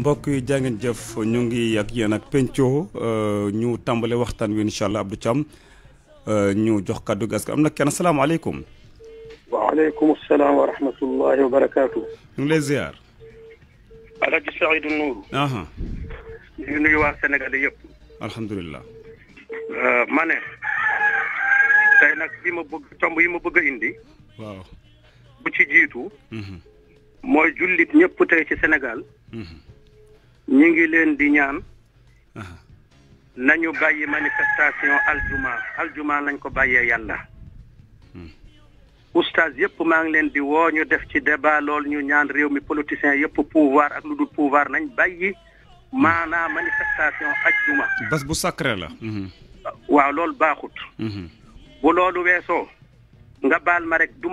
mbokk yi jaa jëf ñu ngi ak yéen ak penco euh, ñu tàmbali waxtaan wi incha allah Abdou cam euh, ñu jox kàddu gi askan am na kenn asalaamaaleykum. waaleykum salaam wa rahmatullahi wa barakaatu. ñu ngi lay ziar. El Hadj Seydou Nourou. ñu ngi waa Sénégal yëpp. alhamdulilah. Euh, ma tey nag li ma bëgg tomb yi ma bëgg a indi. waaw bu ci jiitu. Mhm. mooy jullit ñëpp tey ci Sénégal. Mhm. ñi ngi leen di ñaan nañu bàyyi manifestation aljuma aljuma nañ ko bàyyee yàlla hmm. oustaz yëpp maa ngi leen di woo ñu def ci débat lool ñu ñaan réew mi politiciens yëpp pouvoir ak lu dul pouvoir nañ bàyyi maanaam hmm. manifestation aljuma bés bu sacré la hmm. waaw loolu baaxut bu loolu weesoo nga baal ma rek du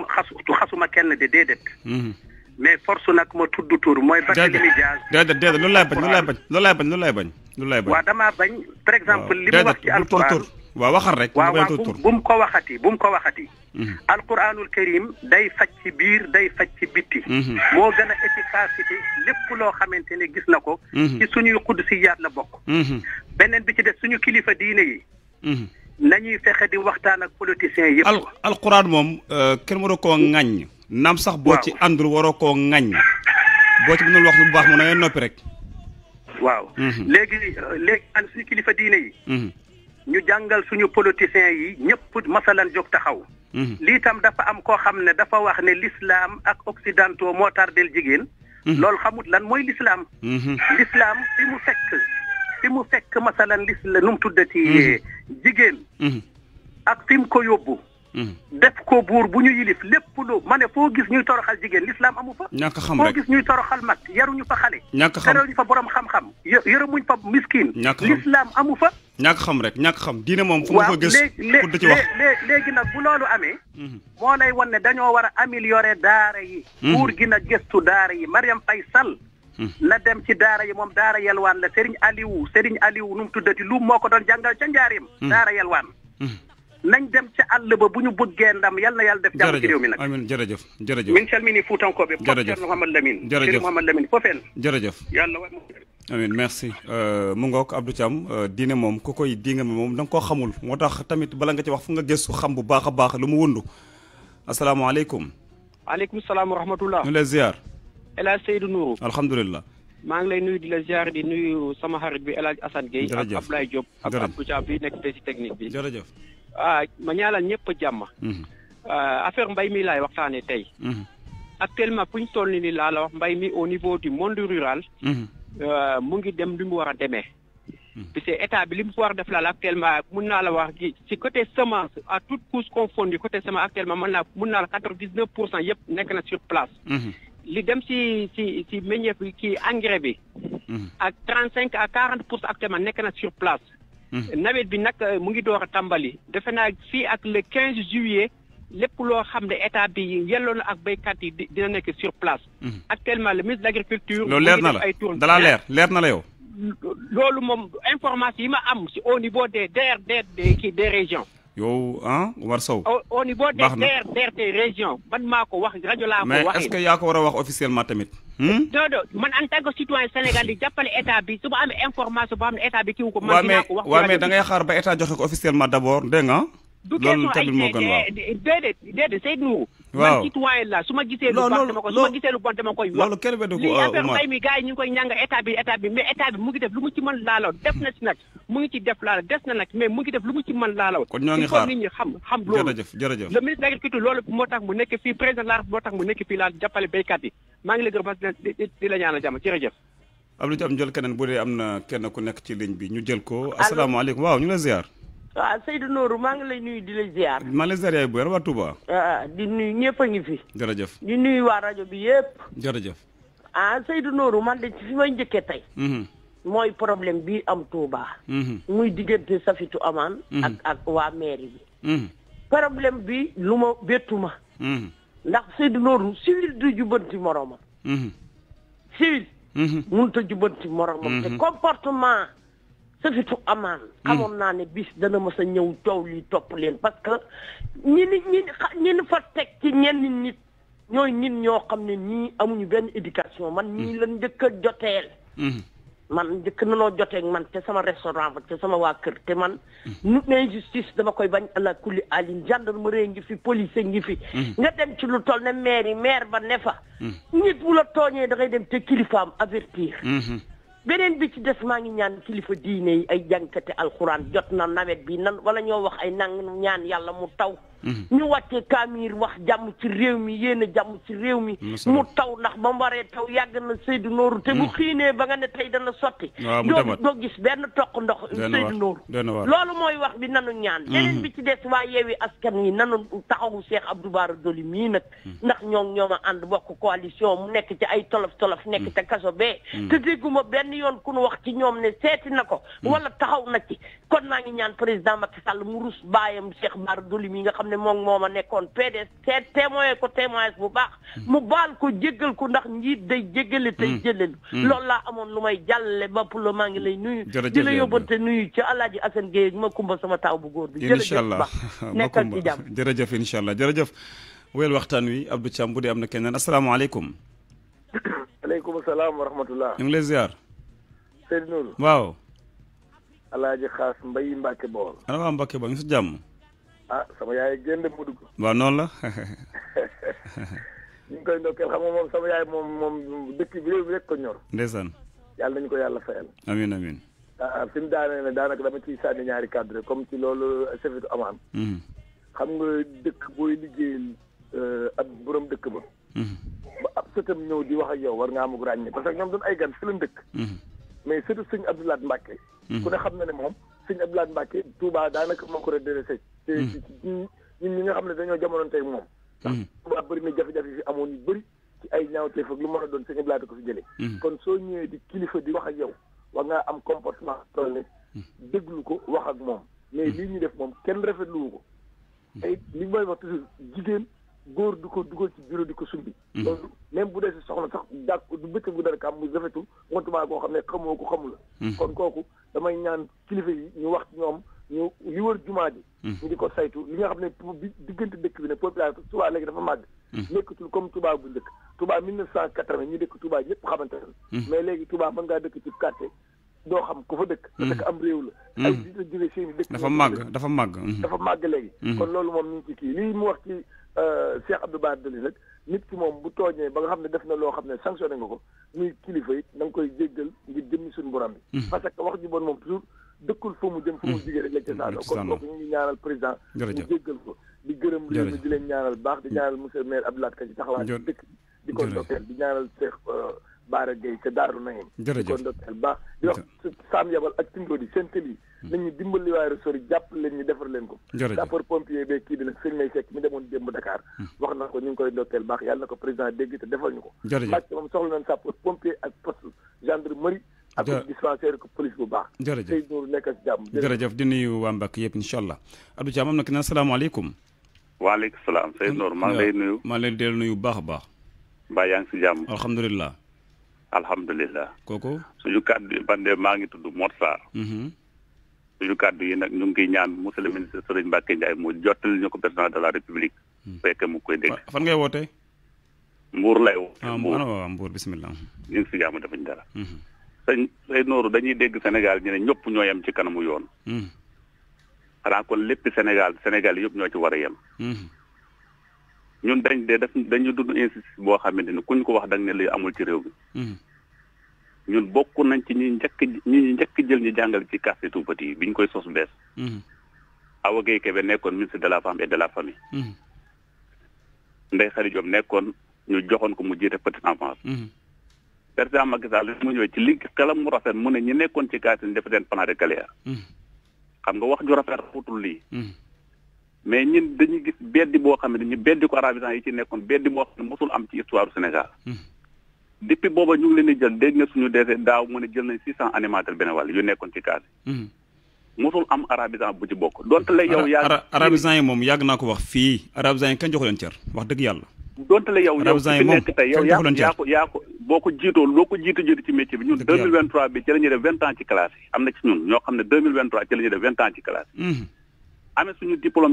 xasuma kenn de déedéet mais force nag ma tudd tur mooy. Barthélémy Dias déedéet déedéet loolu laay bañ loolu laay bañ loolu laay bañ loolu laay bañ. loolu laay bañ waaw damaa bañ. par exemple li mu wax ci alquran waaw waxal rek. bu mu ko waxati bu mu ko waxati. Mhm. alquranul karim day faj ci biir day faj ci bitti. Mhm. moo gën a efficacité lépp loo xamante ne gis na ko. Mhm. ci si qudsiyaat la bokk. beneen bi ci def suñu kilifa diine yi. nañuy fexe di waxtaan ak politiciens yëpp. al alquran moom euh, kenn mënu koo ŋaññ. naam sax boo ci àndul waroo koo ŋaññ. boo ci mënul wax lu baax mu na ngeen noppi rek. waaw. Mhm. léegi léegi an suñu kilifa diine yi. Mhm. ñu jàngal suñu politiciens yi ñëpp masalan jóg taxaw. Mhm. lii tam dafa am koo xam ne dafa wax ne lislaam ak occidentaux moo tardel jigéen. loolu xamut lan mooy l'islam. l'islam fi mu fekk fi mu fekk masalan l'islam nu mu tuddati. jigéen. ak fi mu ko yóbbu. Mm-hmm. def ko buur bu ñu yilif lépp lu ma ne foo gis ñuy toroxal jigéen lislaam amu fa. ñàkk xam rek foo gis ñuy toroxal mag yaruñu fa xale. ñàkk xam tereewuñu fa borom xam-xam. yë yërëmuñ fa miskin. ñàkk xam lislaam amu fa. ñàkk xam rek ñàkk xam diine moom fu ma ko gis. waaw léegi léegi nag bu loolu amee. Mm-hmm. moo lay wan ne dañoo war a améliorer daara yi. Mm-hmm. buur gi na gëstu daara yi Mariam Faye Sall. na dem ci daara yi moom daara yelwaan la Serigne Aliou Serigne Aliou nu mu tuddati lu moo ko doon jàngal ca njaareem. daara yelwaan nañ dem ca àll ba bu ñu bëggee ndam yal na yàlla def jàmm ci réew mi nag amin jërëjëf jërëjëf min calmini fuutankooɓe jërëjëf Mouhamad Lamine jërëjëf Mouhamad Lamine foofen jërëjëf yàlla wa amin merci euh, mu ngook Abdou Thiam euh, diine moom ku koy dinga mi moom da nga koo xamul moo tax tamit bala nga ci wax fu nga gëstu xam bu baax a baax lu mu wundu asalaamaaleykum aleykum salaam wa rahmatullah ñu la ziar El Hadj Seydou Nourou maa ngi lay nuyu di la ziar di nuyu sama xarit bi El Hadj Assane Gueye ak Ablaye Diop ak Abdou Thiam bi nekk bi jërëjëf Ah, ma ñaanal ñëpp jàmm. Mhm. Ah, affaire mbay mi laay waxtaanee tey. Mhm. actuellement fu ñu toll nii laa la wax mbay mi au niveau du monde rural. Mhm. Ah, mu ngi dem li mu war a demee. parce que état bi li mu war a def laal actuellement mun naa la wax ci côté semence à toute couche confondue côté semence actuellement mën naa mun naa la quatre pour cent yëpp nekk na sur place. li dem ci ci ci meññeef bi ci engrais bi. ak 35 à 40% pour cent actuellement nekk na sur place. Mm-hmm. nawet bi nag eh, mu ngi door a tàmbali. defe naa fii ak le 15 juillet lépp loo xam ne état bi yelloo ak baykat yi dina nekk sur place. Mm-hmm. actuellement le ministre de l' agriculture. loolu leer na la ay leer leer na la yow. loolu moom information yi ma am si au niveau des DRD kii des régions. yow ah Omar Sow. au niveau des DRT région man maa wax rajo ko. waxee mais est-ce war a wax officiellement tamit. non non man en tant que Sénégal di jàppale état bi su ma information boo xam état bi kiw ko. man ko wax waaw mais da xaar ba état joxe ko officiellement d'abord dégg nga. loolu tamit moo gën waaw du keesu ay waaw man la su ma gisee lu baax dama ko su ma gisee lu bon dama koy wax loolu kenn weddu ko lii affaire mbay mu ngi def lu mu ci mën laalaw def na ci nag mu ngi def laalaw des na nag mais mu ngi def loolu moo tax mu nekk fii président la moo tax mu nekk fii laa jàppale béykat maa ngi la gërëm di la a jàmm jërëjëf Abdou Diam jël keneen bu dee am na kenn ku nekk ci ligne bi ñu jël ko asalaamaaleykum waaw ñu la waaw ah, Seydou Nourou maa ngi lay nuyu di la ziar. maa ngi lay ziar yaay bu wér waa Touba. Ah, di nuyu ñëpp a ngi fi. jërëjëf di nuyu waa rajo bi yëpp. jërëjëf. ah Seydou Nourou man de ci fi may njëkkee tey. Mhm. mooy problème bi am Touba. Mhm. muy diggante Safitou Amane. Mhm. ak ak waa mairie bi. problème bi lu ma bettu ma. ndax Seydou Nourou civil du jubbanti moroomam. civil. mënut a jubbanti moroomam. comportement. surtout amaan mm. xamoon naa ne bis dana mës a ñëw coow li topp leen parce que ñi ni ñi ñi nit ñooy nit ñoo xam ne ñii amuñu benn éducation man ñii mm. lan njëkk a joteel mm. man njëkk nanoo joteeg man te sama restaurant ba te sama waa kër te man nu injustice dama koy bañ ala kulli alin gendarmerie ngi fi police ngi fi nga dem ci lu toll ne maire yi maire ba ne fa nit bu la tooñee da dem te kilifaam avertir mm-hmm. beneen bi ci des maa ngi ñaan kilifa diine yi ay jànkate alxuraan jot na nawet bi nan wala ñoo wax ay nang ñaan yàlla mu taw Mm-hmm. ñu wàccee kaamir wax jàmm ci réew mi yéen a jàmm ci réew mi mu taw ndax ba mu waree taw yàgg na Seydou Nooru te bu mm. xiinee ba nga ne tey dana sotti doo doo gis benn toq ndox Seydou Nooru loolu mooy wax bi nanu ñaan mm-hmm. bi ci des waa yeewi askan yi nanu taxawu Cheikh Abdou Bara Dolly mii nag mm-hmm. ndax ñoom ñoom a ànd bokk coalition mu nekk ci ay tolof tolof nekk ca kaso bee te dégguma benn yoon ku nu wax ci ñoom ne seeti na ko wala taxaw na ci kon naa ngi ñaan président Macky Sall mu rus baayam Cheikh Bara Dolly mi nga ne moom moo ma nekkoon PDS te témoin ko bu baax hmm. mu baal ko jéggal ko ndax njiit day jéggale tey hmm. jëlelu hmm. loolu laa amoon lu may jàllale ba pour maa ngi lay nuyu di la yóbbante nuyu ci Alaaji Assane Gueye ma kumba sama taaw bu góor bi incha allah nekkal ci jàmm jërëjëf incha allah jërëjëf weel waxtaan wi Abdou Thiam bu dee am na keneen asalaamaaleykum aleykum salaam wa rahmatullah ñu ngi lay ziar Mbay Mbàkke Bawol ana waa Mbàkke si jàmm ah sama yaay génn mu dugg. waaw noonu la. ñu ngi koy ndokkeel xam nga moom sama yaay moom moom dëkk bi réew bi rek ko ñor. ndeysaan. yàlla nañu ko yàlla fayal. amiin amiin. Ah, ah fi mu daanee ne daanaka dama ciy sànni ñaari cadre rek comme ci loolu safitu euh, amaan. Mm-hmm. xam nga dëkk booy liggéeyal euh, ak borom dëkk ba. Mm-hmm. ba ab sëtam ñëw di wax a yow war nga amug ràññee parce que ñoom doon ay gan fi lañ dëkk. Mm-hmm. mais surtout sëñ Abdoulaye Mbacke. ku ne xam na ne moom sëñ Abdoulaye Mbacke Touba daanaka moo ko redressé. te hmm. ñun ñi nga xam ne dañoo jamonoon tey moom hmm. ndax ba bëri na jafe-jafe fi amoon yu bëri ci ay ñaawtee fag lu mën a doon sëñ Abdoulaye ko fi jëlee hmm. kon soo ñëwee di kilifa di wax ak yow wax ngaa am comportement toll ne déglu ko wax ak moom mais lii ñu def moom kenn rafetlu ko ay li may wax jigéen góor du ko dugal ci bureau di ko sumbi loolu même bu dee si soxna sax ko du bëccëg bu dara kam mu rafetul motumaa koo xam ne xamoo ko xamul kon kooku damay ñaan kilifa yi ñu wax ñoom ñu li wër jumaa ji hmm. ñu di ko saytu li nga xam ne bi diggante dëkk bi ne population Touba léegi dafa màgg hmm. nekkatul comme Touba bu njëkk Touba mille neuf cent quatre-vingt ñu dëkk Touba ñëpp xamante ne hmm. mais léegi Touba mën ngaa dëkk ci quartier doo xam ku fa dëkk dëkk am réew la ay di la jóge seen dëkk dafa mag dafa màgg dafa màgg léegi kon loolu moom ñu ngi ci kii lii mu wax ci euh, Cheikh Abdou Bara Dolly nag nit ki moom bu tooñee ba nga xam ne def na loo xam ne sanctionné nga ko muy kilifa yi da koy jéggal ngir jëmmi suñu borom bi parce que wax ji moom toujours dëkkul fa mu jëm fa mu hmm. jigéen rek la ca hmm. ko di gërëm réew mi di leen ñaanal baax di ñaanal monsieur maire Abdoulaye Ka ci taxawaay di ko ndokkeel di ñaanal Cheikh euh, Baara Gueye ca Daaru Nahim di ko ndokkeel baax di wax Sam Yabal ak Tindo di seen tëli hmm. nañu dimbali waaye jàpp leen ñu defar leen ko sapeur pompier bee kii bi nag sëñ may sekk mi demoon démb Dakar wax na ko ñu ngi koy ndokkeel baax yàlla na ko président dégg te defal ñu ko Mbàcke moom soxla nañ sapeur pompier ak poste gendarmerie ak dispensaire ko police bu baax jërëjëf tey dóor nekk si jàmm jërëjëf di nuyu waa Mbàkke yëpp incha allah Abdou Thiam am na ki naan salaamaaleykum waaleykum salaam Seydou Nour ya, maa ngi lay nuyu maa ngi lay dellu nuyu baax a baax mbaa yaa ngi si jàmm alhamdulilah alhamdulilah kooku suñu kàddu man de maa ngi tudd Mor Sarr mhm. suñu kàddu yi nag ñu ngi ñaan monsieur le ministre Serigne Mbacke Ndiaye mu jottali ñu ko président de la république fekk mu koy dégg fan ngay wootee mbuur lay woote mbuur bismillah ñu ngi si jàmm defuñ dara mhm. sëñ sëñ Nooru dañuy dégg Sénégal ñu ne ñëpp ñoo yem ci kanamu yoon. Hmm. xanaa kon lépp Sénégal Sénégal yëpp ñoo ci wara a yem. Hmm. ñun dañ de def dañu dund injustice boo xamante ni kuñ ko wax da nga ne amul ci réew mi. Hmm. ñun bokk nañ ci ñi njëkk ñi njëkk jël ñu jàngal ci case tout petit bi ñu koy sos bees. Awa Guèye Kébé nekkoon ministre de la femme et de la famille. Ndeye Khady Diop nekkoon ñu joxoon ko mu jiite petite enfance. président Macky Sall mu ñëwee ci li xelam mu rafet mu ne ñi nekkoon ci Kaffrine def leen plan de hmm. xam nga wax ju rafet xutul lii hmm. boo xam ne ñu beddi ko arabisant yi ci nekkoon beddi boo xam ne mosul am ci histoire Sénégal hmm. depuis booba ñu ngi leen di jël dégg na suñu dese daaw mu ne jël nañ six cent animateurs benn yu nekkoon ci kaas mosul am arabisant bu ci bokk donte la yow yaa arabisant yi moom yàgg naa ko wax fii arabisant yi kañ jox leen cër wax dëgg yàlla donte la yow yow fi nekk tey yow yaa ko yaa ko boo ko jiitoo loo ko jiitu jiitu ci métier bi ñun deux mille vingt trois bi ci la ñuy vingt ans ci classe yi am na ci ñun ñoo xam ne deux mille vingt trois ci la ñuy def vingt ans ci classe mhm. ko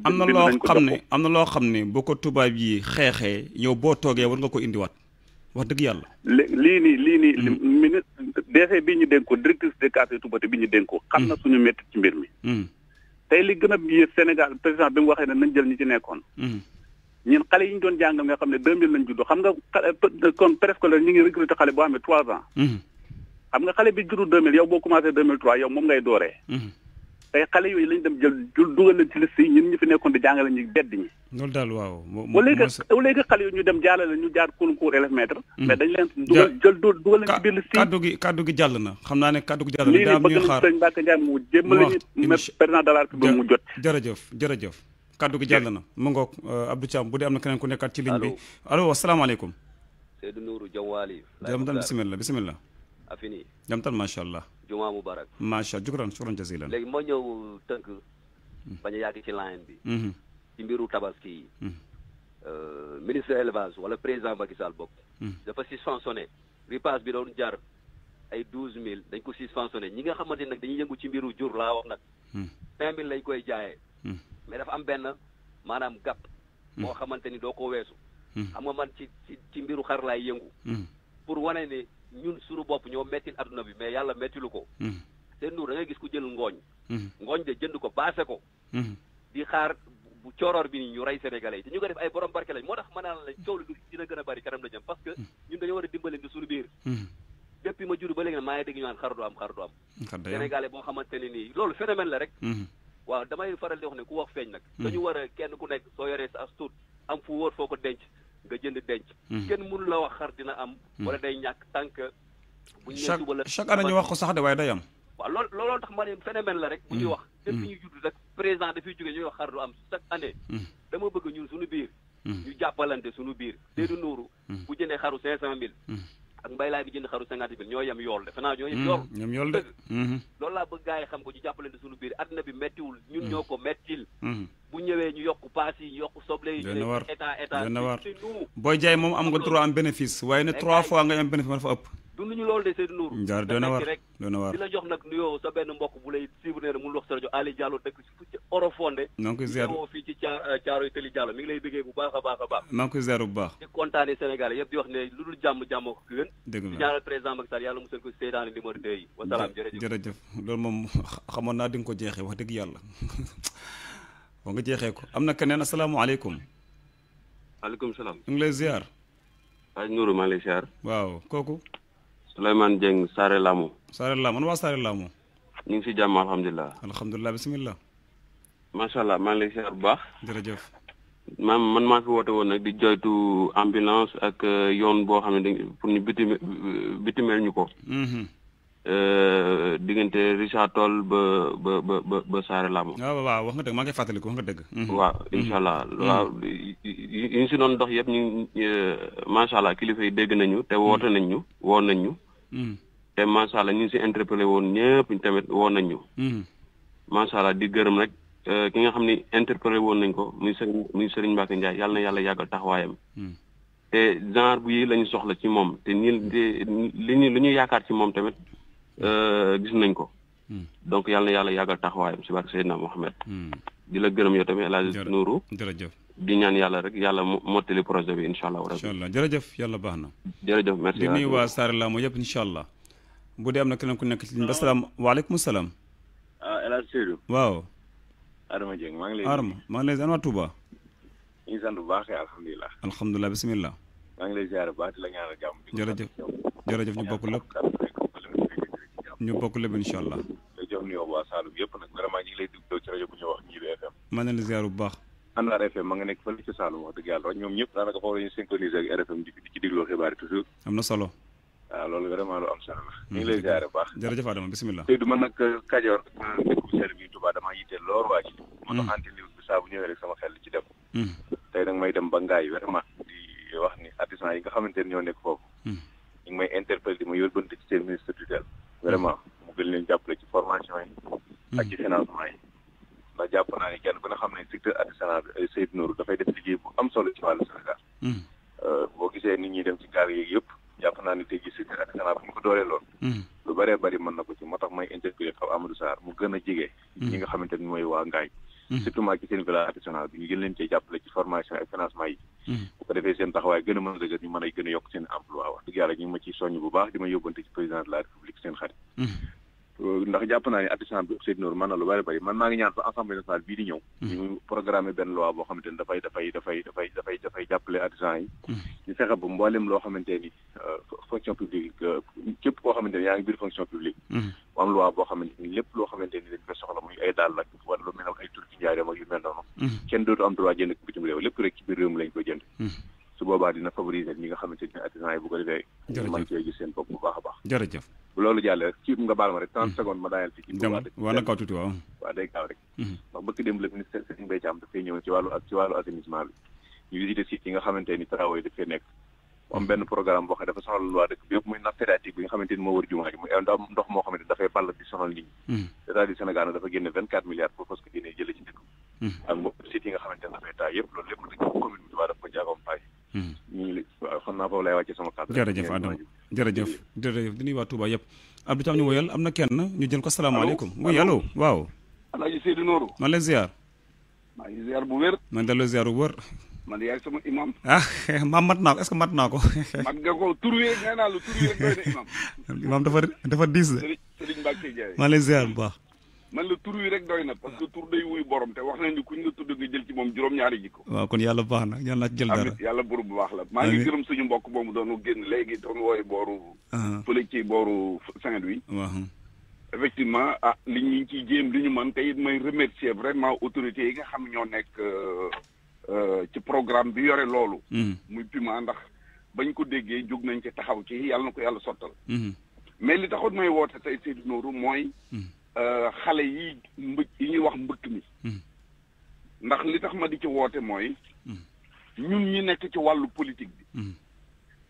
am na loo xam ne am na loo xam ne boo ko tubaab yi xeexee mhm. bi ñu dénk ko directrice des cadres bi ñu dénk xam na mhm. suñu métti ci mbir mi tey li gën a yées Sénégal président bi mu waxee ne nañ jël ñi ci nekkoon. Mhm. ñun xale yi ñu doon jàngal nga xam ne 2000 lañ juddoo xam nga kon préscolaire ñu ngi recruter xale boo xam ne 3 ans. Mhm. xam nga xale bi juddu 2000 yow boo commencé 2003 yow moom ngay dooree. Mhm. tey xale yooyu lañ dem jël jël dugal leen ci liste yi ñun ñu fi nekkoon di jàngale ñi bedd ñi. loolu daal waaw. au lieu que au lieu que xale yooyu ñu dem jàllale ñu jaar concours élève maître. Mm. mais dañ leen dugal jël dugal leen ci biir liste yi. kaddu gi kaddu gi jàll na xam naa ne kaddu gi jàll na. daa am ñuy xaar lii nii bëgg nañu mu jëmmale ñu président de la République mu jot. jërëjëf jërëjëf kaddu gi jàll na mu ngoog euh, Abdou Thiam bu dee am na keneen ku nekkaat ci ligne bi allo asalaamaaleykum Seydou Nourou Jawwali bismillah bismillah afini fini jam tan machallah juma mubarak macha jukran shukran jazilan legi ma ñew teunk hmm. baña yag ci line bi ci hmm. mbiru tabaski hmm. euh ministre élevage wala président Macky Sall bokk dafa suspensionné ripas bi doon jar ay 12000 mil, dañ ko suspensionné ñi nga xamanteni nak dañuy yëngu ci mbiru jur la wax nag cinq mille lañ koy jaayee mais dafa am ben manam gap moo xamanteni ni ko xam nga man ci ci mbiru xar lay yëngu pour wané ni ñun suñu bopp ñoo mettil adduna bi mais yàlla mettilu ko seen hmm. nuur da ngay gis ku jël ngooñ hmm. ngooñ de jënd ko baase ko hmm. di xaar bu cooroor bi nii ñu rey sénégalais yi te ñu ko def ay borom barke lañ moo tax mënaan lañ coow lu dina gën a bari kanam la jëm parce que ñun dañoo war a dimbale di suñu biir depuis ma juru ba léegi nag maa ngi dégg ñu naan xaru du am xaru am sénégalais boo xamante ne nii loolu phénomène la rek waaw damay faral di wax ne ku wax feeñ nag dañu war a kenn ku nekk soo yoree sa as am fu foo ko denc nga jënd denc. Mhm. kenn mënu la wax xar dina am. Mhm. wala day ñàkk tànk bu ñu nee suba la chaque année ñu wax ko sax de waaye day am. waaw loolu looloo tax ma ne phénomène la rek. bu ñuy mhm. wax depuis ñu judd rek président dafay jógee ñuy wax xar du am chaque année. dama bëgg ñun suñu biir. ñu jàppalante suñu biir. Seydou nuuru bu jëndee xaru mille ak mbay laay bi jënd xaru cinquante mille ñoo yem yool defe naa ñoo yem mm, yool ñoom yool de mm-hmm. loolu laa bëgg yi xam ko ñu jàppalante suñu biir àddina bi méttiwul ñun mm. ñoo ko méttil mm-hmm. bu ñëwee ñu yokk paas yi ñu yokk soble yi ñu état état booy jaay moom am nga droit am bénéfice waaye ne trois fois nga am bénéfice ma dafa ëpp dunduñu loolu de Seydou Nourou. Ndiar doon na waar jox nag nuyoo sa benn mbokk bu lay suivre ne mun wax sa rajo euh, Ali Diallo mi ngi lay bëggee bu baax a baax a baax. maa ngi koy ziar bu baax. di kontaanee Sénégal yëpp di wax ne lu dul jàmm jàmm ko fi gën. dëgg la di ñaanal loolu moom xamoon naa di ko jeexee wax dëgg yàlla boo nga jeexee ko am na keneen asalaamaaleykum. maaleykum salaam. ñu ngi lay ziar. waaw Nourou maa ngi lay ziar. waaw kooku Souleymane Dieng Sare Lamu. Sare Lamu, nu waa Saare Lamou. ñu ngi si jàmm alhamdulilah. alhamdulilah bisimilah. macha allah lay siyaar bax. baax. jërëjëf. Man man ma fi woote won nak di joytu ambulance ak euh, yoon bo xamni pour ñu bitime bitimeel ñu ko. Mhm. Euh, digënté Richard Toll ba ba ba ba Sare Lamu. Lamou. Ah, waaw waaw wax nga dëgg ma ngi fàttaliku wax nga dëgg. Mhm. waaw inshallah allah. Mhm. waaw yi ñu ci non dox yëpp ñu euh, macha kilifa yi dégg nañu té woote nañu ñu nañu. te macha allah ñu ngi si interpellé woon ñëpp tamit woon nañu ñu. macha allah di gërëm rek euh, ki nga xam ni interpellé woon nañ ko muy Serigne muy Serigne Mbacke Ndiaye yàlla na yàlla yàggal taxawaayam. te genre bu yi la soxla ci moom te nii li ñu li yaakaar ci moom tamit euh, gis nañ ko. Mm. donc yàlla na yàlla yàggal taxawaayam si barke Seydina Mohamed. Mm. di la gërëm yow tamit El nuru jërëjëf di ñaan yàlla rek yàlla mottali projet bi incha allah. incha allah jërëjëf yàlla baax na. jërëjëf merci di nuyu waa Saare Lamo yëpp incha allah. bu dee am na keneen ku nekk ci ligne bi salaam waaleykum salaam. ah El Hadj Seydou. waaw. arma jëng maa ngi lay. Arma maa ngi lay ziar waa Touba. ñu ngi sant bu baax alhamdulilah. alhamdulilah bisimilah. maa ngi lay ziar bu baax di la ñaan jàmm. jërëjëf jërëjëf ñu bokk lépp ñu bokk lépp incha allah. am nuyoo waa Saalum nag vraiment ñu ngi lay dugg ci rajo bu ñu wax FM. ma la bu baax. FM ma nga nekk fële ci Saalum wax dëgg yàlla ñoom ñëpp daanaka foofu synchroniser ak RFM di ci dégloo xibaar toujours. am na solo. waaw loolu vraiment lu am solo la. ñu ngi lay ziare baax. jërëjëf Adama bisimilah. tey du man nag Kajoor dëkk bu sell bi Touba damaa yitte lool waa ci. ma dox saa bu ñëwee rek sama xel ci dem. tey nag may dem ba ngaay vraiment di wax ni artisan yi nga xamante ne ñoo nekk foofu. ñu ngi may interpellé di ma yóbbante ci seen ministre tutelle vraiment gën leen jàppale ci formation yi. Hmm. ak ci financement yi. ndax jàpp naa ne kenn ku ne xam ne secteur artisanal bi Seydou Nourou dafay def liggéey bu hmm. euh, naa ne tey jii secteur artisanal bu ñu ko doolee lool. Hmm. lu bëree a jege. ñi nga xamante ni mooy waa Ngaañ. surtout maa ci seen village artisanal bi ñu jàppale ci formation ak financement yi. bu ko defee seen taxawaay gën a mën a a gën a yokk seen emploi wax dëgg yàlla ñu ngi ma ciy soññ bu baax di ma yóbbante ci président la république seen xarit ndax jàpp naa ne artisan bi Seydou Nour mën na lu bari bari man maa ngi ñaan fa assemblée nationale bii di ñëw. Hmm. ñu programme benn loi boo xamante ni dafay dafay dafay dafay dafay dafay jàppale artisan yi. Hmm. ñu fexe ba mboolem loo xamante ni euh, fonction publique euh, képp koo xamante ni yaa ngi biir fonction publique. Hmm. mu am loi boo xamante ni lépp loo xamante ni dañ koy soxla muy ay daal nag wala lu mel ne ay tur ci njaareem ak yu mel noonu. kenn dootu am droit jënd ko bitim réew lépp rek ci biir réew mi lañ koy jënd. su boobaa dina favoriser ñi nga xamante ni artisan yi bu ko defee. jërëjëf mën cee gis seen bopp bu baax a baax jërëjëf bu loolu jàllee rek ci nga baal ma rek trente hmm. secondes ma daaneel fii ci wala kaw tuuti waaw waaw day gaaw rek hmm. ndax bëkk démb la ministre Serigne yi nga xamante ni travaux dafay nekk am benn programme boo xam dafa soxal waa dëkk bi yëpp muy nappe phréatique bi nga xamante moo wër jumaa ji ndox moo xamante dafay ball di sonal nit ñi état hmm. Sénégal nag dafa génne vingt quatre milliards pour parce que dina jële ci dëkk ak mbokk sites yi nga yëpp loolu jërëjëf jërëjëf di nuyu waa Touba yëpp Abdou Thiam ñu woyal am na kenn ñu jël ko salaamaaleykum oui allo waaw alaaji Seydou Nourou ziar maa ngi ziar bu wér man delloo ziar bu wér maam ah, mat naa ko est que mat naa ko mat nga ko tur wi nee naa lu tur imam dafa diis de Serigne ziar bu baax man la tur wi rek doy na parce que tur day wuy borom te wax nañu kuñ la tudd nga jël ci moom juróom-ñaari jikko waaw kon yàlla baax na yàlla jël dara amit yàlla buru bu baax la maa ngi gërëm suñu mbokk moomu doonu génn léegi doon wooye booru fële ci booru Saint-Louis effectivement ah li ñu ci jéem li ñu man te it may remercier vraiment autorités yi nga xam ñoo nekk euh, euh, ci programme bi yore loolu hmm. muy Puma ndax bañ ko déggee jóg nañ ci taxaw ci yàlla na ko yàlla sottal hmm. mais mooy hmm. Euh, xale yi mbëj yi ñuy wax mbëkk mi hmm. ndax li tax ma di ci woote mooy hmm. ñun ñi nekk ci wàllu politique bi hmm.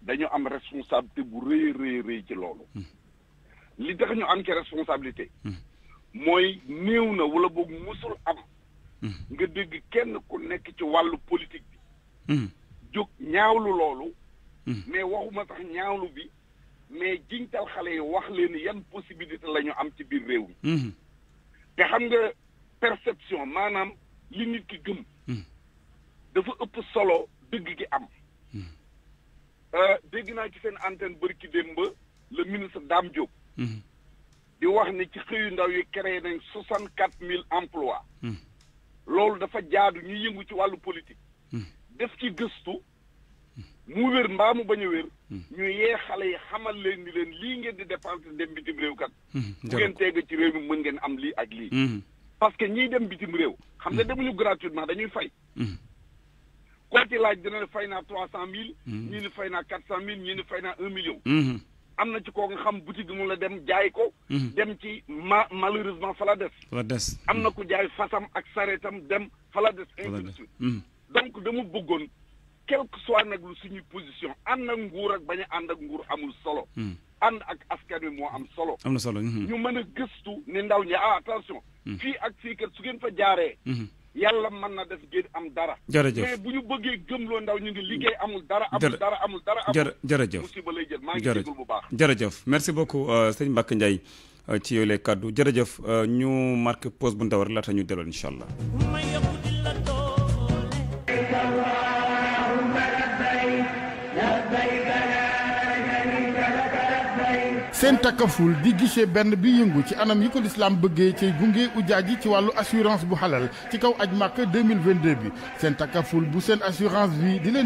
dañu am responsabilité bu rëy rëy rëy ci loolu li tax ñu am ci responsabilité mooy néew na wala boog musul am nga dégg kenn ku nekk ci wàllu politique bi jóg ñaawlu loolu mais waxuma sax ñaawlu bi mais jiñtal xale yi wax leen yan possibilité lañu am ci biir réew mi mhm. te xam nga perception maanaam li nit ki gëm mhm. dafa ëpp solo dëgg gi am mhm. euh, dégg naa ci seen antenne bari ki démb le ministre Dame Diop di wax ne ci xëyu ndaw yi créé nañ soixante quatre mille emplois loolu dafa jaadu ñu yëngu ci wàllu politique def ci gëstu mu wér mbaamu mu bañ wér. Hmm. ñu yee xale yi xamal leen ni leen lii ngeen di dépense dem bitim réew kat. Hmm. bu ngeen teega ci réew mi mën ngeen am lii ak lii. Hmm. parce que ñii dem bitim réew. xam nga demuñu gratuitement dañuy fay. koo ci laaj dina fay naa trois cent mille. ñii ni fay naa quatre cent mille ñii ni fay naa un million. am na ci koo nga xam boutique bi mu la dem jaay ko. dem ci ma malheureusement fa la des. fa la des am na ku jaay fasam ak sareetam dem fa la des. donc dama bëggoon. quel que soit nag lu suñuy position ànd ak nguur ak bañ a ànd ak nguur amul solo. Hmm. ànd ak askan wi moo am solo. am na solo hmm. ñu mën a gëstu ne ndaw ñi a ah, attention. Hmm. fii ak fii kat su ngeen fa jaaree. yàlla mën na def ngeen am dara. jërëjëf mais bu ñu bëggee gëmloo ndaw ñu ngi liggéey amul dara. amul dara amul dara amul jërëjëf musiba lay jël maa ngi déglu bu baax. jërëjëf merci beaucoup euh, sëñ Mbacke Ndiaye euh, ci yooyu lay kàddu jërëjëf euh, ñu marqué pause bu ndaw rek laata ñu delloon incha allah. takaful di guichet Ben bi yëngu ci anam yi ko l'islam bëggé ci gungé ujaaj ci walu assurance bu halal ci kaw ajmak 2022 bi sen takaful bu sen assurance bi di len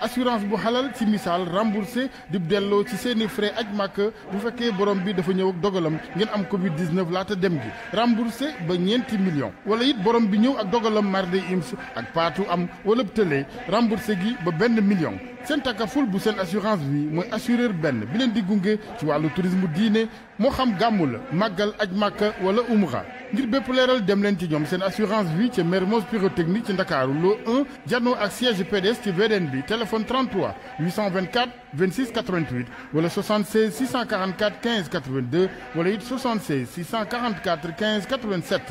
assurance bu halal ci misal remboursé di delloo ci seeni frais ajmak bu féké borom bi dafa ñëw ak dogalam ngeen am covid 19 ta dem gi remboursé ba ñeenti millions wala it borom bi ñëw ak dogalam mardi ims ak patu am wala tëlee remboursé gi ba benn million sen takaful bu sen assurance bi moy assureur Ben. bi leen di gungé ci walu tourisme Dîner Mohamed xam Magal magal ou aj umra ngir bép léral dem len ci ñom assurance vie ci Mermoz Pyrotechnique ci Dakar, lo 1 Jano ak siège PDS ci VDN bi téléphone 33 824 26 88 wala 76 644 15 82 wala 76 644 15 87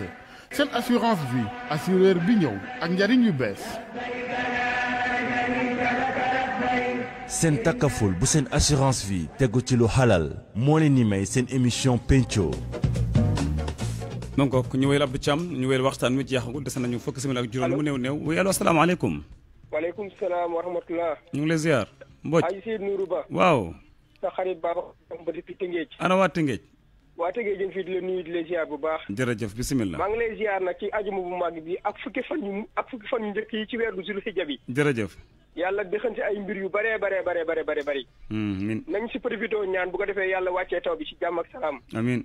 une assurance vie assureur bi ñew ak njariñ seen takkaful bu seen assurance vie tegu ci lu xalal moo leen ni may seen émission penco. donc ñu wéyal Abdou Thiam ñu wéyal waxtaan mi jeexagul des nañu fukki simili ak juróom mu néew néew. oui allo asalaamaaleykum. waaleykum salaam wa rahmatulah. ñu ngi lay ziar. Mbodj Aji Seydou Nourou ana waa Tëngéej. waa tëgee jën fii di la nuyu di la bu baax jërëjëf bisimilah maa ngi lay ziar nag ci ajuma bu màgg bi ak fukki fan yu ak fukki fan yu njëkk yi ci weer bu zul xijja bi jërëjëf yàlla dëxante ay mbir yu bare bare bare bare bare bëri hmm, nañ si profité ñaan bu ko defee yàlla wàccee taw bi ci jàmm ak salaam amin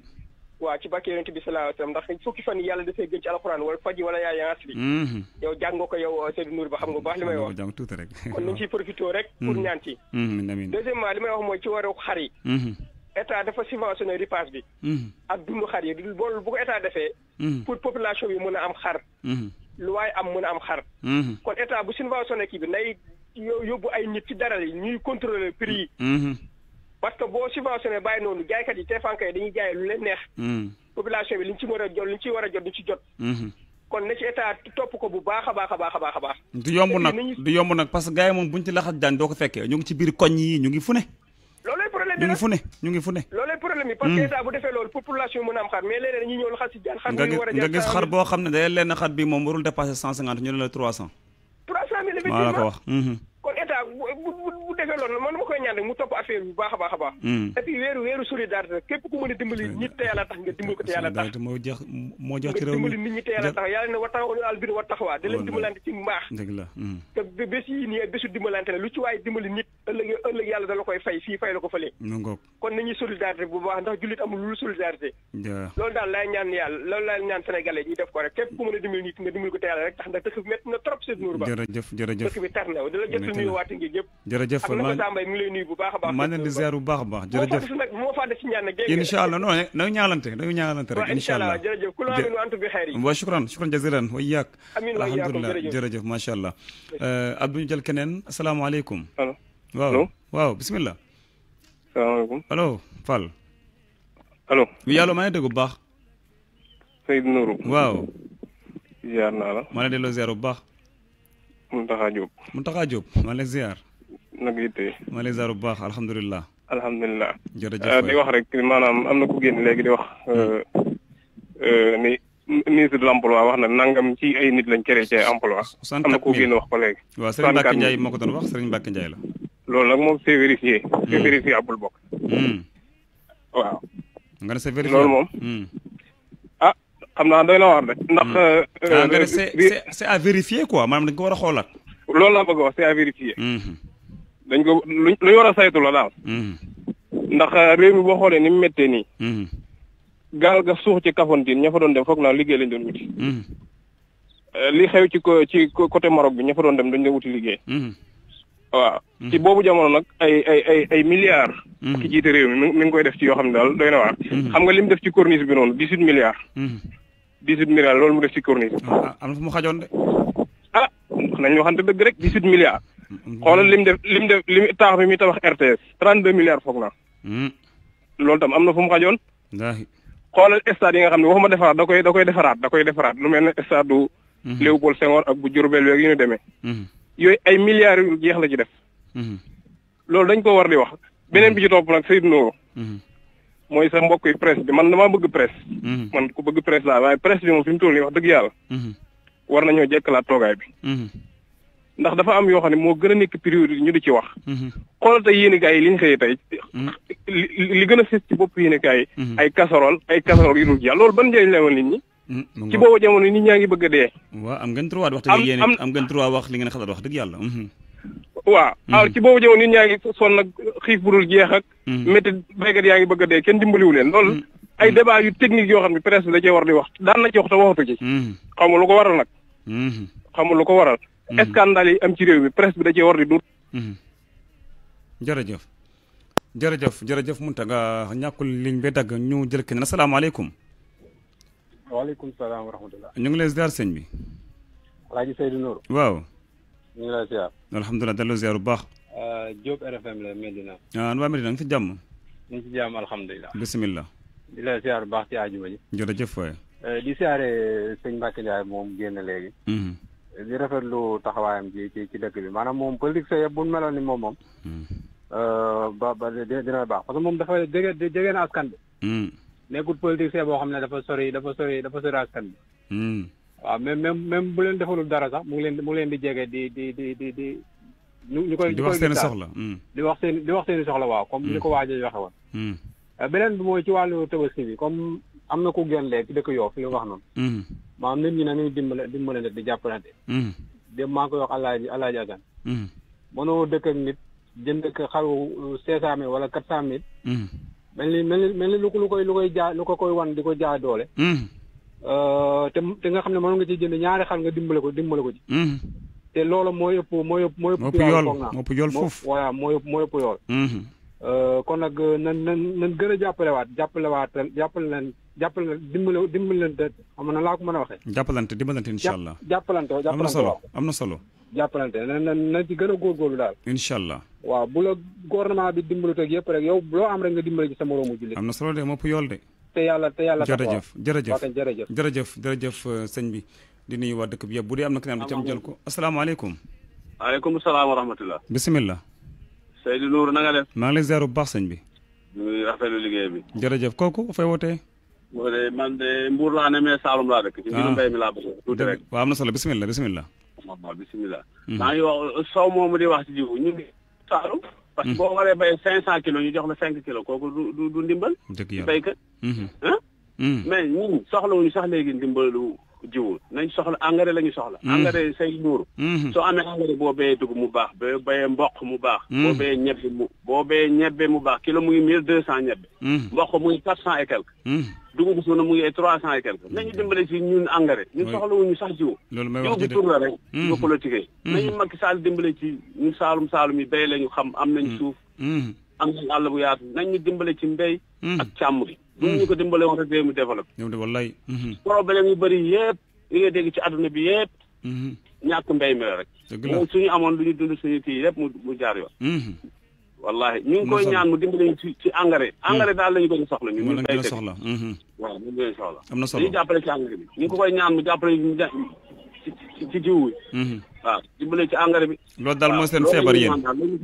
waaw ci bàkke yonent bi sallallahu alayhi wasallam ndax fukki fan yàlla dafay gën ci alxuraan wala faji wala yaa yaas bi hmm. yow jàng ko yow uh, Seydou Nour ba xam nga baax li may wax jàng tuuti rek kon nañ ciy profité rek pour hmm. ñaan ci deuxièmement li may mooy ci war xar yi état dafa subventionné ripaas bi. Mhm. ak dundu xar yi du bool bu ko état defee. Mhm. pour population bi mën a am xar. Mhm. lu waaye am mën a am xar. kon état bu subventionné kii bi nay yóbbu ay nit ci dara yi ñuy contrôler prix yi. parce que boo subventionné bàyyi noonu jaaykat yi teefanka yi dañuy jaay lu leen neex. population bi liñ ci war a jot liñ ci a jot du ci jot. kon na ci état topp ko bu baax a baax a baax a baax a baax. du yomb nag du yomb nag parce que moom buñ fekkee ñu ngi ci biir koñ yi ñu ngi fu ne. problème ñu ngi fu ne ñu ngi fu ne loolay problème bi parce hmm. bu defee loolu population mën xar mais léeg ñu ñëw la xar si jaan xar boo xam ne day lenn xar bi moom warul dépassé cent cinquante ñu ne la trois cent maa la ko wax hmm. kon état bu bu defee loolu man ñaan rek mu topp affaire bu baax a baax a baax hmm. et puis weeru weeru solidarité képp ku mën a dimbali nit te yàlla tax nga dimbali ko te yàlla tax moo jox moo jox ci réew mi dimbali nit ñi te yàlla tax yàlla ne war tax al bir war taxawaa da leen dimbalante ci mbaax dëgg la hmm. te bés yi nii bésu dimbalante la lu ci waaye dimbali nit ëllëg ëllëg yàlla dala koy fay fii fay la ko fële kon nañuy solidarité bu baax ndax jullit amul lu solidarité loolu daal laay ñaan yàlla loolu laay ñaan sénégalais ñuy def ko rek képp ku mën a dimbali nit nga dimbali ko te yàlla rek tax ndax dëkk bi métti na trop seen nuur ba jërëjëf jërëjëf dëkk bi tar na dala jot nuyu waate ngi yëpp jërëjëf ak na ko sàmbay mu ngi nuyu bu baax a baax. maa leen di ziar bu baax a baax jërëjëf moo fàtte si ñaan nag incha allah ñaalante nag ñaalante rek incha allah jërëjëf ku la amin wa antu bi xeer yi wa shukran shukran jazilan wa iyaak alhamdulilah jërëjëf macha allah euh, abdou ñu jël keneen asalaamaaleykum allo waaw bismillah salaamaaleykum allo Fall allo oui maa ngi dégg bu baax Seydou Nourou waaw ziar naa maa ngi delloo ziar bu baax Mountakha Diop Mountakha Diop maa ngi ziar nag yitte. ma lay bu baax alhamdulilah. alhamdulilah. jërëjëf euh, di wax rek maanaam am na ku génn léegi di wax. Euh, hmm. euh, ni wax na nangam ci ay nit lañ cere ci emploi. am na ku génn wax ko léegi. waaw Serigne Mbacke Ndiaye moo loolu nag moom c'est vérifié. Hmm. c'est vérifié abul bokk. Hmm. waaw. nga ne c'est vérifié loolu moom. ah xam naa doy na waar ndax. Ah, c'est c'est à vérifier quoi maanaam dañ ko war a xoolaat. loolu laa bëgg wax c'est à vérifier. dañ ko lu luñ war a saytu la daal. Hmm. ndax euh, réew mi boo xoolee ni mu méttee nii. Hmm. gaal ga suux ci Kafountine ña fa doon dem foog naa liggéey lañ doon wuti. Hmm. Euh, xew ci ci côté Maroc bi ña fa doon dem dañ doon wuti liggéey. waaw ci boobu jamono nag ay ay ay ay milliards. ki jiite réew mi mi ngi koy def ci yoo xam ne daal doy na waar. xam nga li mu def ci corniche bi noonu dix huit milliards. dix huit milliards loolu mu def ci corniche. Ah, ah, am na fu mu xajoon de. ah nañu waxante dëgg rek dix huit milliards. xoolal lim de lim def lim taax bi mi tabax RTS 32 milliards foog na. Hmm. loolu tam am na fu mu xajoon. xoolal stade yi nga xam ne waxuma defaraat da koy da koy defaraat da koy defaraat lu mel ne stade du. Hmm. Léopold Senghor ak bu Diourbel yeeg yu ñu demee. Hmm. yooyu ay milliards yu jeex la ci def. loolu dañ ko war di wax beneen bi ci topp nag Seydou Nourou. mooy sa mbokk yi presse bi man damaa bëgg presse. man ku bëgg presse laa waaye presse bi moom fi mu toll nii wax dëgg yàlla. war nañoo jekkalaat toogaay bi. ndax dafa am yoo xam ne moo gën a nekk priorité ñu di ci wax. Mhm. xoolal tey yéen gars yi li ñu xëyee tey. Mhm. li gën a fës ci bopp yéen gars yi. Mhm. ay casserole ay casserole yu dul jeex mm, ci boobu jamono nit ñaa ngi bëgg a ci boobu jamono nit ñaa ngi sonn nag xiif bu dul jeex ak. métti yaa ngi bëgg a dee kenn dimbaliwu leen loolu. ay débat yu technique yoo xam ne presse da cee war di wax daan na ci wax te waxatu ci. xamul lu ko waral nag. xamul lu ko waral Mm-hmm. scandale yi am ci réew mi presse bi da cee war di dut mm-hmm. jërëjëf jërëjëf jërëjëf Mountaga ñàkkul liñ bee dagg ñu jël keneen asalaamaaleykum. waaleykum salaam wa rahmatulah. ñu ngi lay ziar sëñ bi. Alaaji Seydou Nour. waaw. ñu ngi lay ziar. alhamdulilah delloo ziar bu baax. Euh, Diop RFM la Medina. ah waa Medina nga fi jàmm. ñu ngi ci jàmm alhamdulilah. bisimilah. di la ziar bu baax ci àjjuma ji. jërëjëf waay. Euh, di ziare sëñ moom génn léegi. Mm-hmm. di rafetlu taxawaayam ci ci dëkk bi maanaam moom politique sa yëpp bu meloon ni moom moom. Hmm. Euh, ba ba dina baax parce que moom dafa jege jege na askan bi. Hmm. nekkul politique sa boo xam ne dafa sori dafa sori dafa sori askan bi. Hmm. waaw même même même bu leen defalul dara sax mu ngi leen mu leen di jege di di di di di. ñu ñu koy di wax seen soxla di wax seen di wax seen soxla waaw comme ñu ko waajee waxe woon. Euh, beneen bi mooy ci wàllu tabaski bi comme am na ku génn léegi ci dëkk yoo fi li wax noonu. maam nit ñi nañuy dimbale dimbalante di jàppalante. Hmm. dem maa koy wax alaaji alaaji asan hmm. mënoo dëkk ak nit jënd ko xaru cinq cent mille wala quatre cent mille. Hmm. mel ni mel lu ko lu koy jaay lu ko koy wan di ko jaay doole. Euh, te te nga xam ne mënoon nga ciy jënd ñaari xar nga dimbale ko dimbale ko ci. te loolu mooy ëpp mooy ëpp mooy ëpp moo ëpp yool foofu waaw mooy ëpp mooy ëpp yool euh, kon nag nan nan nan gën a jàppalewaat jàppalewaat jàppale leen jàppale dimbale dimbalante xam na laa ko mën a waxee. jàppalante dimbalante incha allah. jàppalante am na solo am na solo. jàppalante na na na ci gën a góorgóorlu daal. incha allah. waaw bu la gouvernement bi dimbalu teg yëpp rek yow loo am rek nga dimbale ci sa jullit. am na solo de mopp yool de. te yàlla te yàlla. jërëjëf jërëjëf jërëjëf jërëjëf euh, jërëjëf sëñ bi di nuyu waa dëkk bi yëpp bu dee am na keneen am na ci jël ko asalaamaaleykum. waaleykum salaam wa rahmatulah. bisimilah. Seydou Nour na nga def. maa ngi lay ziar bu baax sëñ bi. ñu ngi liggéey bi. jërëjëf kooku fay wootee moo de man de Mbour laa ne mais Saalum laa dëkk. ci mbiru ah. mbéy mi laa bëgg tuuti rek. waaw am na solo bisimilah bisimilah. waaw bisimilah. Hmm. maa ngi wax sow moomu di wax ci jiwu ñu ngi Saalum. Hmm. boo waree bay cinq cent kilos ñu jox la cinq kilos kooku du du du ndimbal. dëgg yàlla ci béykat. Hmm. mais ñun soxlawuñu sax léegi ndimbalu. jiwul nañ soxla engrais la ñu soxla. Hmm. engrais say luur. Hmm. soo amee engrais boo béyee dugub mu baax boo béyee mboq mu baax. Hmm. boo béyee ñebe mu boo ñebe mu baax kilo muy mille deux cent ñebe. mboq muy quatre cent et quelque. dugub suuna mu ngi ay trois cent et quelque nañu dimbale si ñun engrais. ñun soxlawuñu sax jiw. loolu may wax jiw bi tur la rek. nga politique. nañu Macky Sall dimbale ci ñun saalum saalum yi béy la ñu xam am nañ suuf. am nañ àll bu yaatu nañu dimbale ci mbéy. ak càmm bi. bu ñu hmm. ko dimbalee woon rek réew mi développé. ñoom de wallaay. Hmm. problème yu bëri yëpp dégg ci àdduna bi yëpp. Hmm. ñàkk mbéy mi la rek. dëgg suñu amoon lu ñu dund suñu kii yëpp mu mu jaar yoon. wallahi ñu ngi koy ñaan mu dimbali ci ci engrais. engrais daal la ñu gën a soxla ñun. ñu ngi soxla. waaw ñu ngi soxla. am na ñu jàppale ci engrais bi. ñu ngi koy ñaan mu jàppale ci ci ci jiwu. waaw dimbale ci engrais bi. loolu daal mooy seen feebar yéen waaw loolu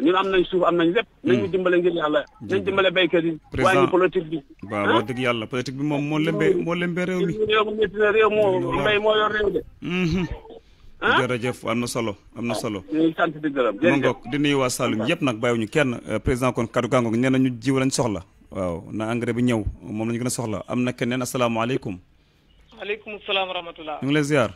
ñun am nañ suuf am nañ lépp. Hmm. nañu dimbale ngir yàlla. nañ dimbale yi. président politique bi. waaw wax dëgg yàlla politique bi moom moo lembee moo lembee réew mi. réew mi métti na réew moo hmm. am na solo am na solo. sant di gërëm jërëjëf yëpp nag bàyyiwuñu kenn euh, président kon kaddu gàngoog nee na ñu jiw lañ soxla waaw na engrais bi ñëw moom lañu gën a soxla am na keneen asalaamaaleykum. waaleykum salaam wa rahmatulah. ñu ngi lay ziar.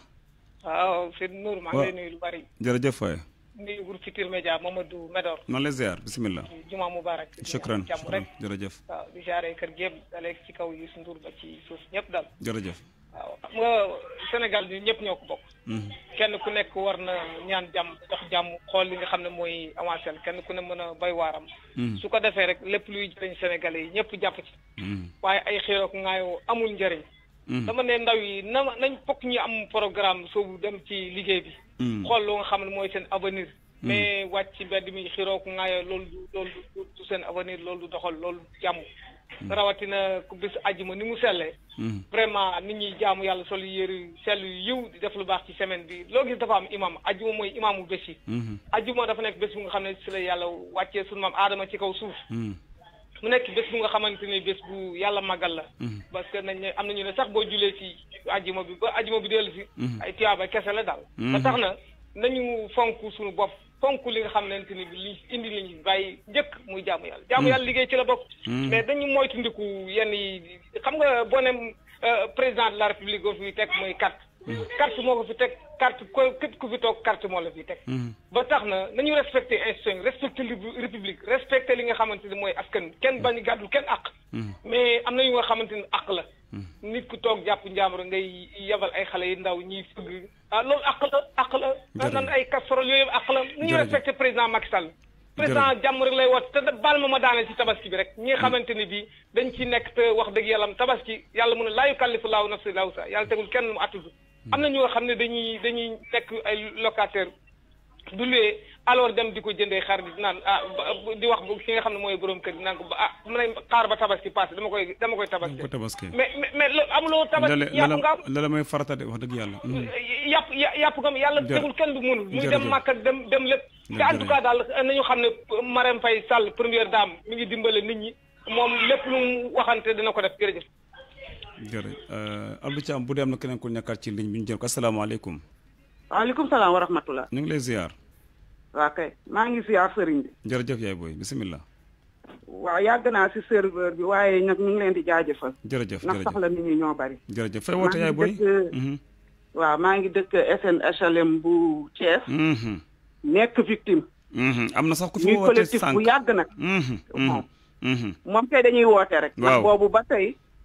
waaw Seydou Nour maa ngi lay lu bari. jërëjëf waay. nuyu groupe Futurs Médias Mamadou Medor. man la ziar bisimilah. juma mubarak. shukran shukran jërëjëf. waaw di jaaree kër gi yëpp dalee ci kaw Youssou Ndour ba ci suuf ñëpp daal. jërëjëf. waaw xam Sénégal bi ñëpp ñoo ko bokk. Hmm. kenn ku nekk war na ñaan jàmm dox jàmm xool li nga xam ne mooy avancé kenn ku ne mën a bay waaram. Hmm. su ko defee rek lépp luy jëriñ Sénégalais yi ñëpp jàpp ci. Hmm. waaye ay xiiroo ak ngaayoo amul njëriñ. Mm-hmm. dama ne ndaw yi na nañ fokk ñu am programme soobu dem ci liggéey bi. Mm-hmm. xool lu nga xam ne mooy seen avenir. Mm-hmm. mais wàcc ci mbedd mi xiroo ku ŋaayoo loolu du seen avenir loolu du doxal loolu jàmm. rawatina ku bis àjjuma ni mu sellee. vraiment nit ñi jàmm yàlla sol yëru sell yu yiw di def lu baax ci semaine bi loo gis dafa am imam àjjuma mooy imaamu bés yi. àjjuma dafa nekk bés bu nga xam ne si la yàlla wàccee sunu mam aadama ci kaw suuf. mu nekk bés bu nga xamante ne bés bu yàlla màggal la. Mhm. parce que nañ ne am nañu ne sax boo julee ci ajjuma bi ba ajjuma bi dellu si. Mhm. ay tuyaaba kese la daal. Mhm. ba tax na nañu fonk suñu bopp fonk li nga xamante ni bi li indi li ñu bàyyi jëkk muy jaamu yàlla. jaamu yàlla liggéey ci la bokk. mais dañu moytu ndiku yenn yi xam nga boo ne euh, président de la république fi teg mooy kat carte moo ko fi teg carte ko képp ku fi toog carte moo la fi teg mhm. ba tax na nañu respecté institution respecté république respecté li nga xamante ni mooy askan kenn bañ gàddu kenn àq mhm. mais am na yu nga xamante ni àq la mhm. nit ku toog jàpp njàmbur ngay yabal ay xale yu ndaw ñiy fëgg ah loolu àq la àq la nan ay casserole yooyu àq la nañu respecté président Macky Sall président jàmm rek lay woote te baal ma ma daaneel ci tabaski bi rek ñi nga xamante ne bii dañ ci nekk te wax dëgg yàllam tabaski yàlla mun ne laa yukallifu laahu nafsan illaa yàlla tegul kenn mu attul am na ñoo xam ne dañuy dañuy nekk ay locataire du loué alors dem di ko jëndee xar di naan ah di wax ki nga xam ne mooy borom kër di naan ko ba ah mu ne xaar ba tabaski passé dama koy dama koy tabaski mais mais amuloo tabaski yàpp nga am la la may farata de wax dëgg yàlla euh, mm. yàpp yàpp nga yàlla tegul kenn du mënul muy dem màkk dem dem lépp te en tout cas daal nañu xam ne Marème Faye Sall première dame mi ngi dimbale nit ñi moom lépp lu mu waxante dina ko def jërëjëf jërëjëf euh, Abdou Thiam bu dee am na keneen ku nekkaat ci ligne bi ñu jël ko asalaamaaleykum. waaleykum salaam wa rahmatulah. ñu ngi lay ziar. waa kay maa ngi ziar sëriñ bi. jërëjëf yaay booy bisimilah. waaw yàgg naa si serveur bi waaye nag ñu leen di jaajëfal. jërëjëf jërëjëf ndax soxla nit ñi ñoo bari. jërëjëf fay woote yaay booy mhm. waaw maa ngi dëkk SN HLM bu Thiès. Mhm. nekk victime. Mhm. am na sax ku fi wootee sànq bu yàgg nag. moom kay dañuy woote rek. waaw boobu ba tey.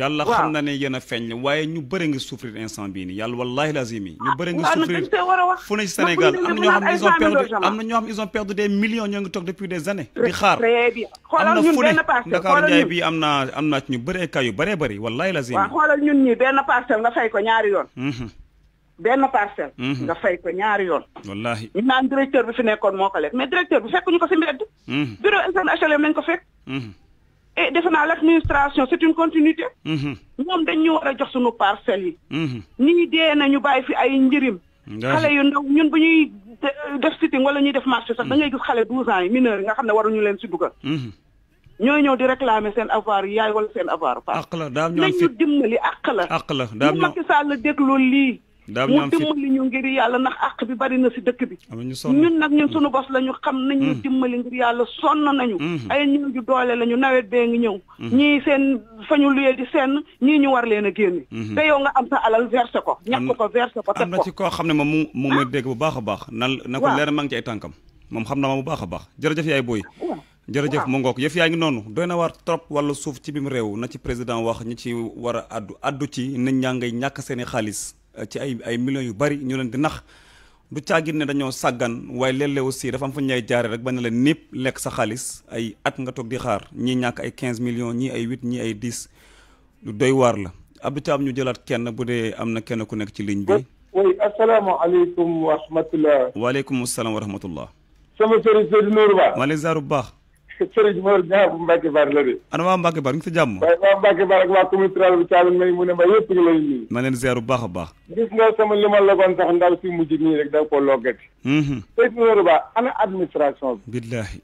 yàlla xam na ne yéen feeñ waaye ñu bëri nga souffrir instant bii nii yàlla wallahi lazim ñu bëri nga souffrir am na ñoo xam ne perdu am na ñoo ngi toog depuis des années di xaar yu bëree bëri wallahi lazim yi xoolal ñun benn parcelle nga fay ko ñaari yoon mhm. benn parcelle mhm. nga fay ko ñaari yoon wallahi ñu naan directeur bi fi nekkoon moo ko lekk mais directeur bi fekk ñu ko si mbedd mhm. bureau SN HLM lañ ko fekk et eh, defe naa l' administration c' est une continuité. Mhm. ñoom dañ ñu war a jox suñu parcelles yi. nii mhm. dee nañu bàyyi fi ay njëriñ. xale yu ndaw ñun bu ñuy euh, def sitting wala ñuy def marché sax mhm. da ngay gis xale douze ans yi mineur yi nga xam ne war ñu leen si dugal. ñoo ñëw di réclamer seen avoir yaay wala seen avoir. àq la daal ñoo fi ñu dimbali àq la. àq la saa ñoo déglu lii. daa mu dimbali ñu ngir yàlla ndax àq bi bari na si dëkk bi. ñun nag ñun suñu bos la ñu xam mm. nañuy dimbali ngir yàlla sonn nañu. Mm-hmm. ay ñëw ju doole lañu nawet bee ngi ñëw. Mm-hmm. ñii seen fa ñu luyee di seen ñii ñu war leen a génne. Mm-hmm. te yow nga am sa alal versé ko. ñàkk ko versé ko teg ko am na ci koo xam ne moom mu mu may dégg bu baax a baax. nan na ko leer maa ngi ci ay tànkam moom xam na ma bu baax a baax jërëjëf yaay booy. jërëjëf mu ngook yëf yaa ngi noonu doy na waar trop wàllu suuf ci bi mu réew na ci président wax ñi ci war a addu ci nit ñaa ngay ñàkk seeni xaalis ci ay ay millions yu bari ñu leen di nax bu caagin ne dañoo sàggan waaye léeg-léeg aussi dafa am fu ñay jaare rek ba ne la népp lekk sa xaalis ay at nga toog di xaar ñii ñàkk ay 15 million ñii ay 8 ñii ay diis lu doy waar la Abdou Thiam ñu jëlaat kenn bu dee am na kenn ku nekk ci ligne bi. oui asalaamaaleykum wa rahmatulah. waaleykum salaam wa baax. sëriñ Mor Ñaa bu Mbacke Baar la de. ana waa Mbacke Baar ñu ngi si jàmm. waaye waa Mbacke Baar ak waa commune rurale bu Thiamène may ma yëpp ñu lay nuyu. ma leen ziar bu baax a baax. gis nga sama li ma logoon da ko loggati. Mhm. sëriñ Mor Ba ana administration bi. billaahi.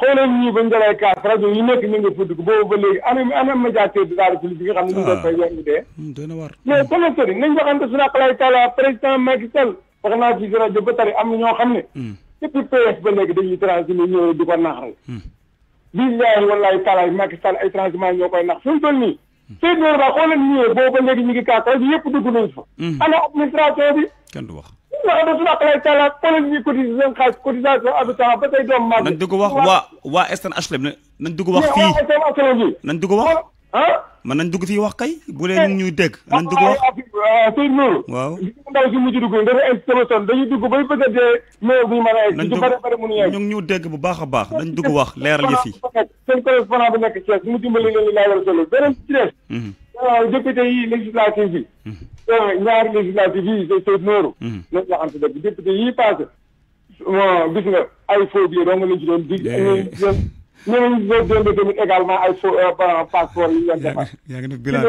xoolal ñii ba Ndiolaye Kaas rajo yi nekk ñu nga fudd ko boobu ba léegi ana ana médiateur bi daal bi nga xam ne ñu ngi doon fay yomb dee. Ah, hmm, doy na war mais sama sëriñ nañ waxante suñu xalaat taala président Macky Sall wax naa ci rajo ba tari am ñoo xam ne hmm. depuis PS ba léegi dañuy transhumé ñëw di ko naaxal. Hmm. billaahi wallaahi taalaay Macky Sall ay transhumé ñoo koy naax fi mu toll nii. Hmm. Seydou Nourou Ba xoolal ñëwee boobu ba léegi ñu ngi kàkkaw bi yëpp dugg nañ fa. Hmm. administration bi. kenn du wax. waaw da suba lay taalaat xoolal ñuy cotisé seen xaalis cotisation habitant ba tey doom mag. nañ di ko wax waa waa SN HLM nañ di ko wax fii nañ di ko wax. ah. man nañ dugg fii wax kay. bu dee eh, ñuy dégg nañ dugg ah, wax ah, ah, ah Seydou Nourou. waaw dugg dafa egg téléphone dañuy dugg bay a dee. néew bi ñu mën a egg. nañ dugg ñu bu baax baax nañ dugg wax leeral yi fii. seen correspondant bu nekk Thiès mu dimbali leen li laa war a solo beneen ci des. Mhm. waaw député yi législative yi. Mhm. Eh, ñaari législative yi Seydou Nourou. Mhm. nañ la xam si dëgg député yii passé. bon gis nga ay faux billets ñeneen ñi ñoo jënd tamit également euh, ay fo passeport yi ñu leen defar. yaa ngi def bilan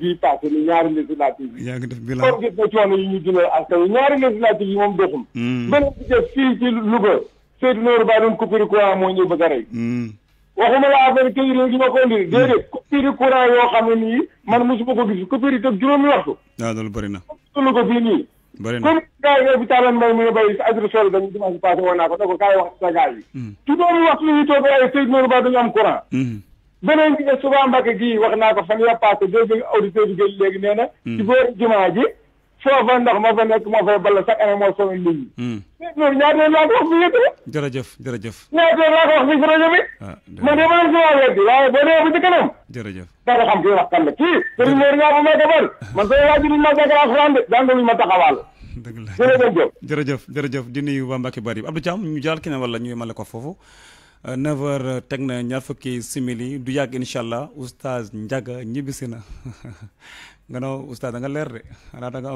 yi passé ni ñaari législative yi. yaa ngi def bilan ñu ñaari législative yi moom doxul. Hmm. beneen bi fii ci Louga Seydou Nourou Ba doon coupure courant moo ñu bëgg a hmm. waxuma la affaire këyit la gi ma ko lii déedéet coupure courant yoo xam nii man mosuma ko gis coupure yi toog juróomi waxtu. waaw ah, loolu bëri na. Louga bii nii. bëri na comme gars yi bi Thiamène Mbaye mu ngi béy si Adrien dimanche passé woon naa ko ne ko wax sa gars yi. ci hmm. doon wax suñuy toog ay Seydou Nourou Ba dañu am courant. Hmm. beneen bi Soubaa Mbacké gii wax naa ko fan ya passé deuxième auditeur bi léegi nee na. Hmm. ci boor jumaa ji. foofa ndox ma fa nekk hmm. jërëjëf jërëjëf. ñaata ma leen si waa weddi waaye boo demee ba ci kanam. jërëjëf waa ji Bari Abdou Thiam ñu jaal keneen wala ñu yemale ko foofu 9h euh, euh, teg na ñaar fukki simili du yàgg incha allah oustaz ñibbisi na nga ne oustaz da nga leer de xanaa da nga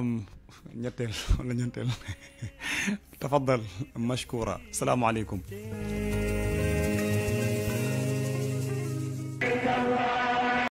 ñetteel wala ñeenteel tafaddal mashkura salaamaaleykum